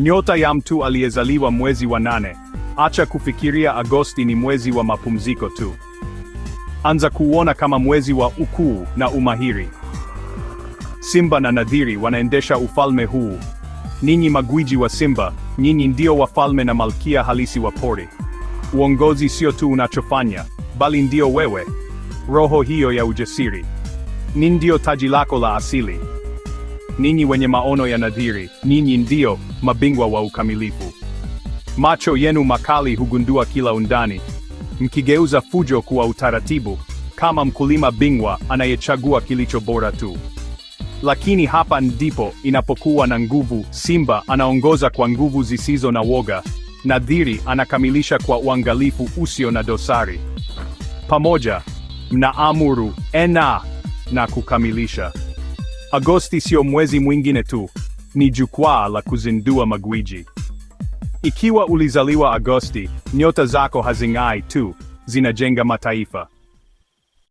Nyota ya mtu aliyezaliwa mwezi wa nane. Acha kufikiria Agosti ni mwezi wa mapumziko tu. Anza kuuona kama mwezi wa ukuu na umahiri. Simba na Nadhiri wanaendesha ufalme huu. Ninyi magwiji wa Simba, nyinyi ndio wafalme na malkia halisi wa pori. Uongozi sio tu unachofanya, bali ndio wewe. Roho hiyo ya ujasiri ni ndio taji lako la asili ninyi wenye maono ya nadhiri, ninyi ndio mabingwa wa ukamilifu. Macho yenu makali hugundua kila undani, mkigeuza fujo kuwa utaratibu, kama mkulima bingwa anayechagua kilicho bora tu. Lakini hapa ndipo inapokuwa na nguvu. Simba anaongoza kwa nguvu zisizo na woga, nadhiri anakamilisha kwa uangalifu usio na dosari. Pamoja mnaamuru ena na kukamilisha. Agosti sio mwezi mwingine tu, ni jukwaa la kuzindua magwiji. Ikiwa ulizaliwa Agosti, nyota zako hazing'ai tu, zinajenga mataifa.